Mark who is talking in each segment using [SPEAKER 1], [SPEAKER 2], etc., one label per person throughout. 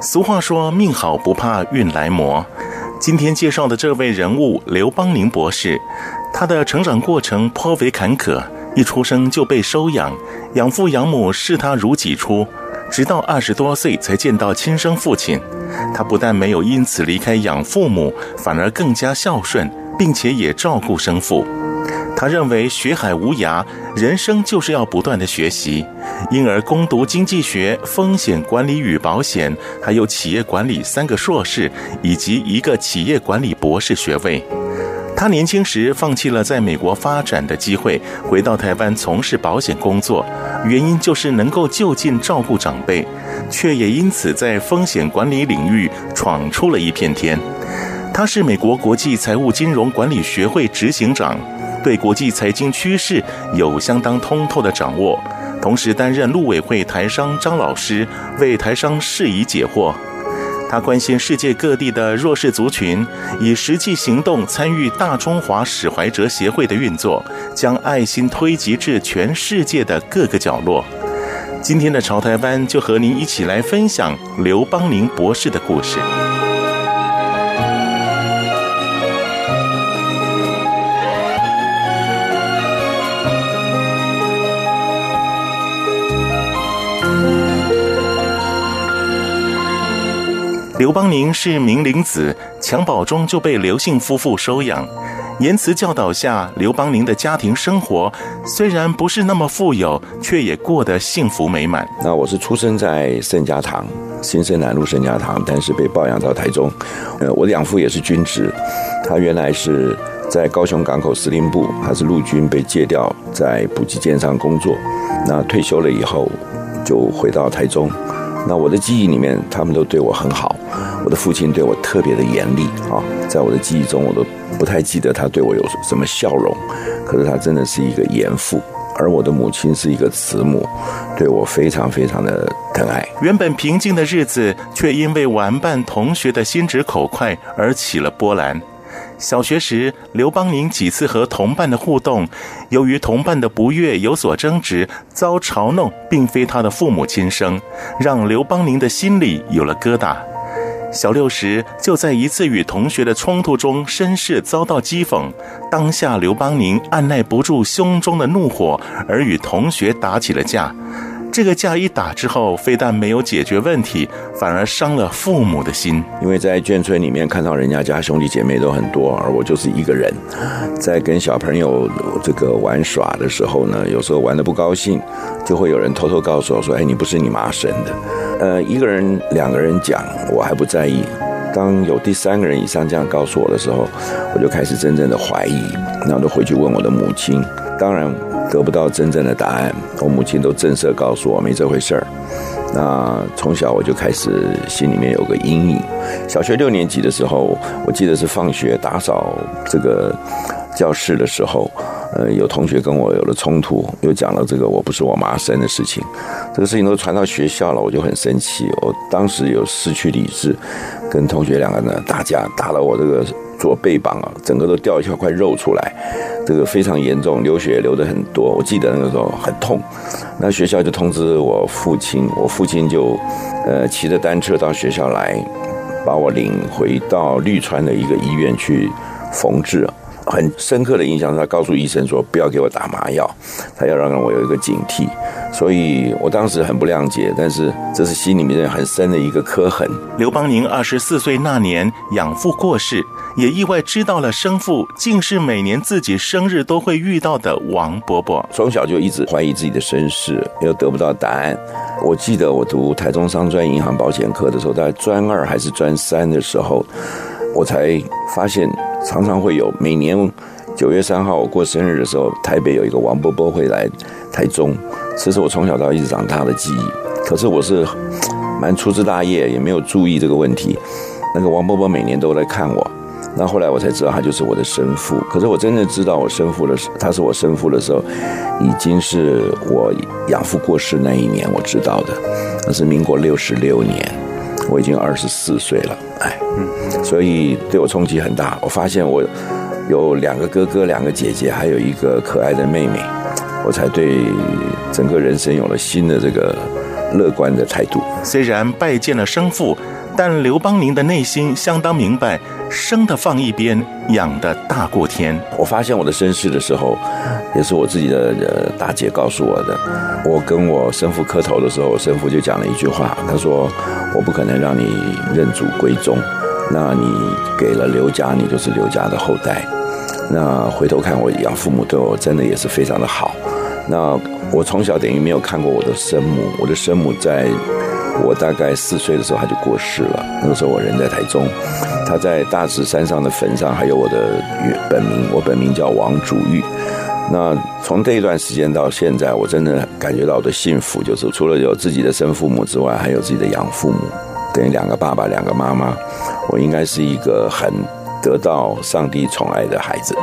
[SPEAKER 1] 俗話說，命好不怕運來磨。今天介紹的這位人物劉邦寧博士，他的成長過程頗為坎坷。一出生就被收養，養父養母視他如己出，直到二十多歲才見到親生父親。他不但沒有因此離開養父母，反而更加孝順，並且也照顧生父。他認為學海無涯，人生就是要不斷的學習，因而攻讀經濟學、風險管理與保險，還有企業管理三個碩士，以及一個企業管理博士學位。他年輕時放棄了在美國發展的機會，回到台灣從事保險工作，原因就是能夠就近照顧長輩，卻也因此在風險管理領域闖出了一片天。他是美國國際財務金融管理學會執行長。對國際財經趨勢有相當通透的掌握，同時擔任陸委會台商張老師，為台商釋疑解惑。他關心世界各地的弱勢族群，以實際行動參與大中華史懷哲協會的運作，將愛心推及至全世界的各個角落。今天的潮臺灣就和您一起來分享劉邦寧博士的故事。劉邦寧是名伶子，襁褓中就被劉姓夫婦收養，言辭教導下，劉邦寧的家庭生活雖然不是那麼富有，卻也過得幸福
[SPEAKER 2] 美滿。那我是出生在聖家堂，新生南路聖家堂，但是被抱養到台中。呃，我養父也是軍職，他原來是在高雄港口司令部，他是陸軍被借調在補給艦上工作，那退休了以後就回到台中。那我的記憶裡面，他們都對我很好。我的父親對我特別的嚴厲啊，在我的記憶中，我都不太記得他對我有什麼笑容。可是他真的是一個嚴父，而我的母親是一個慈母，對我非常非常的疼愛。
[SPEAKER 1] 原本平靜的日子，卻因為玩伴、同學的心直口快而起了波瀾。小學時，劉邦寧幾次和同伴的互動，由於同伴的不悅有所爭執，遭嘲弄，並非他的父母親生，讓劉邦寧的心裡有了疙瘩。小六時，就在一次與同學的衝突中，身世遭到譏諷，當下劉邦寧按捺不住胸中的怒火，而與同學打起了架。這個架一打之後，非但沒有解決問題，反而傷了父母的心。
[SPEAKER 2] 因為在眷村裡面看到人家家兄弟姐妹都很多，而我就是一個人，在跟小朋友這個玩耍的時候呢，有時候玩得不高興，就會有人偷偷告訴我說：“哎，你不是你媽生的。”呃，一個人、兩個人講我還不在意，當有第三個人以上這樣告訴我的時候，我就開始真正的懷疑，然後就回去問我的母親，當然。得不到真正的答案，我母親都正色告訴我沒這回事兒。那從小我就開始心裡面有個陰影。小學六年級的時候，我記得是放學打掃這個教室的時候，呃，有同學跟我有了衝突，又講了這個我不是我媽生的事情，這個事情都傳到學校了，我就很生氣，我當時有失去理智，跟同學兩個人打架，打了我這個。左背膀啊，整個都掉一塊塊肉出來，這個非常嚴重，流血流得很多。我記得那個時候很痛，那學校就通知我父親，我父親就，呃，騎着單車到學校來，把我領回到綠川的一個醫院去縫製。很深刻的印象是他告訴醫生說：“不要給我打麻藥，他要讓我有一個警惕。”所以，我當時很不諒解，但是這是心裡面很深的一個刻痕。
[SPEAKER 1] 劉邦寧二十四歲那年，養父過世，也意外知道了生父竟是每年自己生
[SPEAKER 2] 日都會遇到的王伯伯。從小就一直懷疑自己的身世，又得不到答案。我記得我讀台中商專銀行保險科的時候，在專二還是專三的時候。我才發現，常常會有每年九月三號我過生日的時候，台北有一個王伯伯會來台中，這是我從小到一直長大的記憶。可是我是蠻粗枝大葉，也沒有注意這個問題。那個王伯伯每年都來看我，那後來我才知道他就是我的生父。可是我真正知道我生父的，他是我生父的時候，已經是我養父過世那一年我知道的，那是民國六十六年。我已經二十四歲了，哎，所以對我衝擊很大。我發現我有兩個哥哥、兩個姐姐，還有一個可愛的妹妹，我才對整個人生有了新的這個樂觀的態度。
[SPEAKER 1] 雖然拜見了生父，但劉邦寧的內心
[SPEAKER 2] 相當明白：生的放一邊，養的大過天。我發現我的身世的時候，也是我自己的呃大姐告訴我的。我跟我生父磕頭的時候，我生父就講了一句話，他說：“我不可能讓你認祖歸宗，那你給了劉家，你就是劉家的後代。”那回頭看我養父母對我真的也是非常的好。那我從小等於沒有看過我的生母，我的生母在我大概四歲的時候她就過世了。那個時候我人在台中，她在大慈山上的墳上還有我的本名，我本名叫王祖玉。那從這一段時間到現在，我真的感覺到我的幸福，就是除了有自己的生父母之外，還有自己的養父母，等於兩個爸爸，兩個媽媽，我應該是一個很得到上帝寵愛的孩子。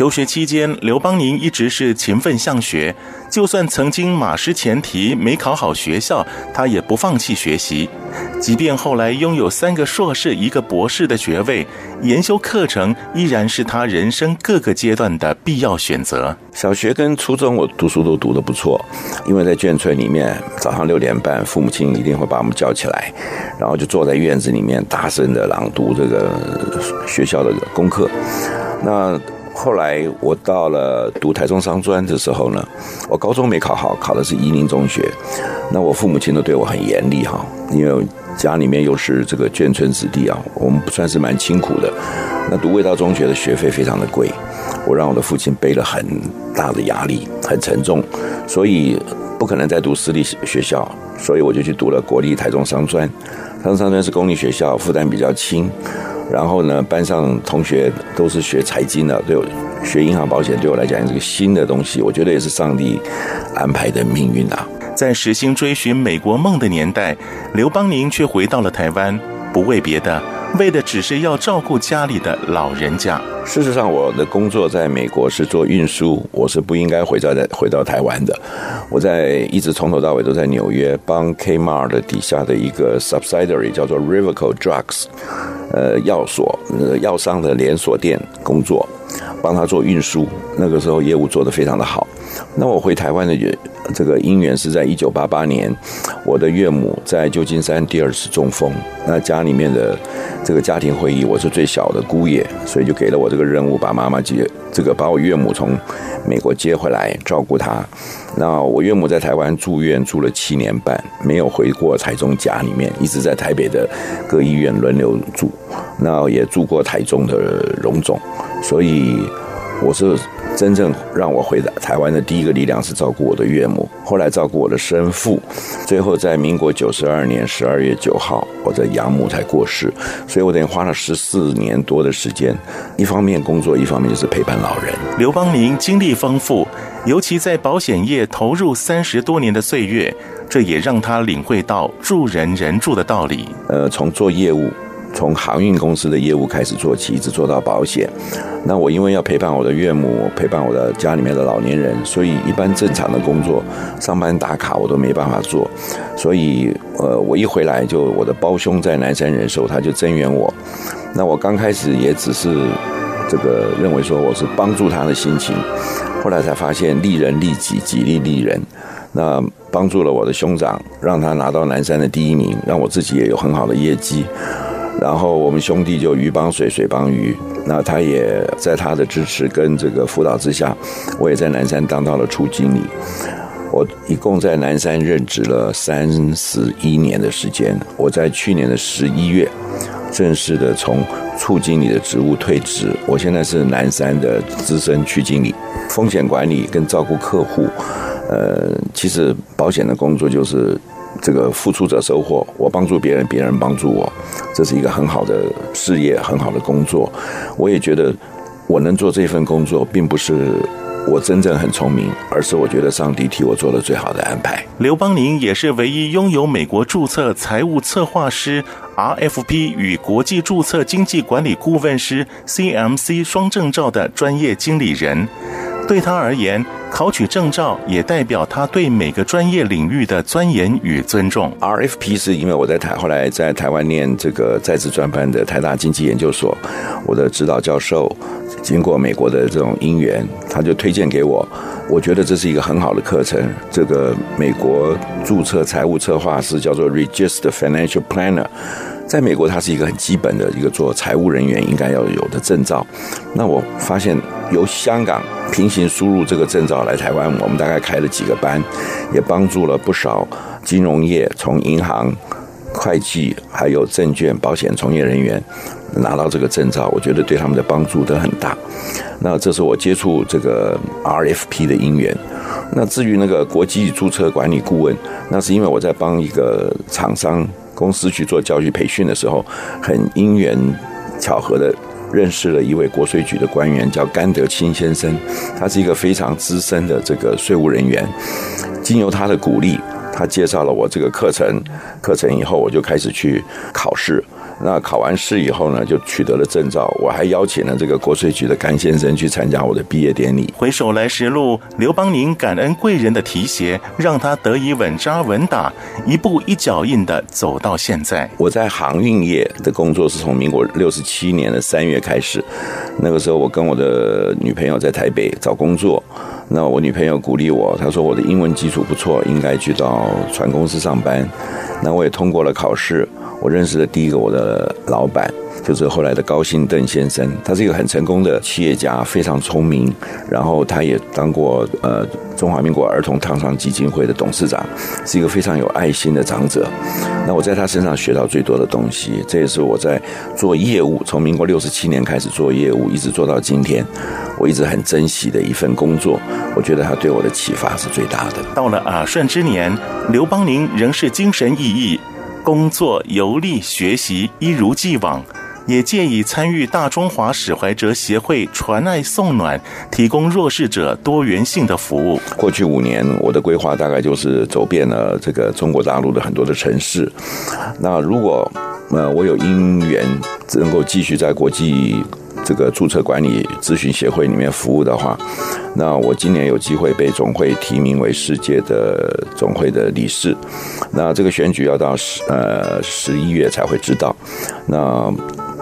[SPEAKER 1] 求學期間，劉邦寧一直是勤奮向學，就算曾經馬失前蹄沒考好學校，他也不放棄學習。即便後來擁有三個碩士、一個博士的學位，研修課程依然是他人生各
[SPEAKER 2] 個階段的必要選擇。小學跟初中我讀書都讀得不錯，因為在眷村裡面，早上六點半，父母親一定會把我們叫起來，然後就坐在院子裡面大聲地朗讀這個學校的功課。那後來我到了讀台中商專的時候呢，我高中沒考好，考的是宜寧中學。那我父母親都對我很嚴厲哈，因為家裡面又是這個眷村子弟啊，我們不算是蠻辛苦的。那讀衛道中學的學費非常的貴，我讓我的父親背了很大的壓力，很沉重，所以不可能再讀私立學校，所以我就去讀了國立台中商專。台中商專是公立學校，負擔比較輕。然後呢，班上同學都是學財經的，對我，學銀行保險對我來講這個新的東西，我覺得也是上帝安排的命運
[SPEAKER 1] 啊。在時興追尋美國夢的年代，劉邦寧卻回到了台灣，
[SPEAKER 2] 不為別的。為的只是要照顧家裡的老人家。事實上，我的工作在美國是做運輸，我是不應該回到台回到台灣的。我在一直從頭到尾都在紐約幫 Kmart 的底下的一個 subsidiary 叫做 Rivco Drugs，呃，藥所，呃，藥商的連鎖店工作，幫他做運輸。那個時候業務做得非常的好。那我回台灣的。這個姻緣是在一九八八年，我的岳母在舊金山第二次中風。那家裡面的這個家庭會議，我是最小的姑爺，所以就給了我這個任務，把媽媽接這個把我岳母從美國接回來照顧她。那我岳母在台灣住院住了七年半，沒有回過台中家裡面，一直在台北的各醫院輪流住。那也住過台中的榮總，所以我是。真正讓我回到台灣的第一個力量是照顧我的岳母，後來照顧我的生父，最後在民國九十二年十二月九號，我的養母才過世，所以我等於花了十四年多的時間，一方面工作，一方面就是陪伴老人。
[SPEAKER 1] 劉邦寧經歷豐富，尤其在保險業投入三十多年的歲月，這也讓他領會到助人人助的道理。
[SPEAKER 2] 呃，從做業務。從航運公司的業務開始做起，一直做到保險。那我因為要陪伴我的岳母，陪伴我的家裡面的老年人，所以一般正常的工作、上班打卡我都沒辦法做。所以，呃，我一回來就我的胞兄在南山人壽，他就增員我。那我剛開始也只是這個認為說我是幫助他的心情，後來才發現利人利己，己利利人。那幫助了我的兄長，讓他拿到南山的第一名，讓我自己也有很好的業績。然後我們兄弟就魚幫水，水幫魚。那他也在他的支持跟這個輔導之下，我也在南山當到了處經理。我一共在南山任職了三十一年的時間。我在去年的十一月正式的從處經理的職務退職。我現在是南山的資深區經理，風險管理跟照顧客戶。呃，其實保險的工作就是。這個付出者收穫，我幫助別人，別人幫助我，這是一個很好的事業，很好的工作。我也覺得，我能做這份工作，並不是我真正很聰明，而是我覺得上帝替我做了最好的安排。
[SPEAKER 1] 劉邦寧也是唯一擁有美國註冊財務策劃師 RFP 與國際註冊經濟管理顧問師 CMC 雙證照的專業經理人。對他而言，考取證照也代表他對每個專
[SPEAKER 2] 業領域的鑽研與尊重。RFP 是因為我在台，後來在台灣念這個在職專班的台大經濟研究所，我的指導教授經過美國的這種因緣，他就推薦給我。我覺得這是一個很好的課程。這個美國註冊財務策劃師叫做 Registered Financial Planner，在美國它是一個很基本的一個做財務人員應該要有的證照。那我發現。由香港平行輸入這個證照來台灣，我們大概開了幾個班，也幫助了不少金融業從銀行、會計還有證券保險從業人員拿到這個證照。我覺得對他們的幫助都很大。那這是我接觸這個 RFP 的因緣。那至於那個國際註冊管理顧問，那是因為我在幫一個廠商公司去做教育培訓的時候，很因緣巧合的。認識了一位國稅局的官員，叫甘德清先生，他是一個非常資深的這個稅務人員。經由他的鼓勵，他介紹了我這個課程，課程以後我就開始去考試。那考完試以後呢，就取得了證照。我還邀請了這個國稅局的甘先生去參加我的畢業典禮。
[SPEAKER 1] 回首來時路，劉邦寧感恩貴人的提攜，讓他得
[SPEAKER 2] 以穩紮穩打，一步一腳印地走到現在。我在航運業的工作是從民國六十七年的三月開始。那個時候，我跟我的女朋友在台北找工作。那我女朋友鼓勵我，她說我的英文基礎不錯，應該去到船公司上班。那我也通過了考試。我認識的第一個我的老闆，就是後來的高興鄧先生。他是一個很成功的企業家，非常聰明。然後他也當過呃中華民國兒童燙傷基金會的董事長，是一個非常有愛心的長者。那我在他身上學到最多的東西，這也是我在做業務，從民國六十七年開始做業務，一直做到今天，我一直很珍惜的一份工作。我覺得他對我的啟發是最大的。到了耳、啊、順之
[SPEAKER 1] 年，劉邦寧仍是精神奕奕。工作、遊歷、學習一如既往，也建議參與大中華史懷哲協會傳愛送暖，
[SPEAKER 2] 提供弱勢者多元性的服務。過去五年，我的規劃大概就是走遍了這個中國大陸的很多的城市。那如果呃我有因緣，能夠繼續在國際。這個註冊管理諮詢協會裡面服務的話，那我今年有機會被總會提名為世界的總會的理事，那這個選舉要到十呃十一月才會知道，那。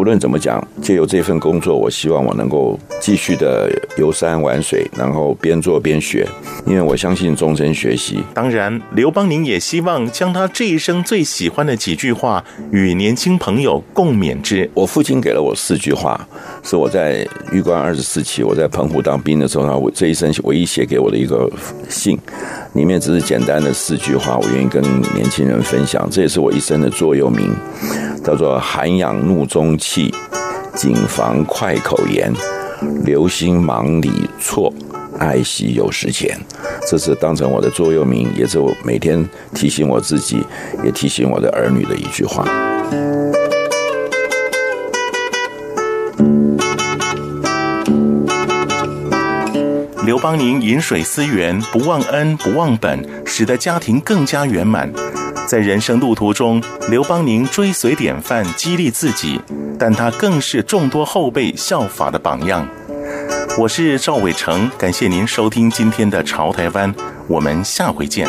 [SPEAKER 2] 無論怎麼講，借由這份工作，我希望我能夠繼續的遊山玩水，然後邊做邊學，因為我相信終身學習。當然，
[SPEAKER 1] 劉邦寧也希望將他這一生最喜歡的幾句話與年輕朋友
[SPEAKER 2] 共勉之。我父親給了我四句話，是我在預官二十四期，我在澎湖當兵的時候，呢，我這一生唯一寫給我的一個信，裡面只是簡單的四句話，我願意跟年輕人分享，這也是我一生的座右銘。叫做涵養怒中氣，謹防快口言，留心忙裡錯，愛惜有時錢。這是當成我的座右銘，也是我每天提醒我自己，也提醒我的兒女的一句話。
[SPEAKER 1] 劉邦寧，飲水思源，不忘恩，不忘本，使得家庭更加圓滿。在人生路途中，劉邦寧追隨典範，激勵自己；但他更是眾多後輩效法的榜樣。我是趙偉成，感謝您收聽今天的《潮臺灣》，我們下回見。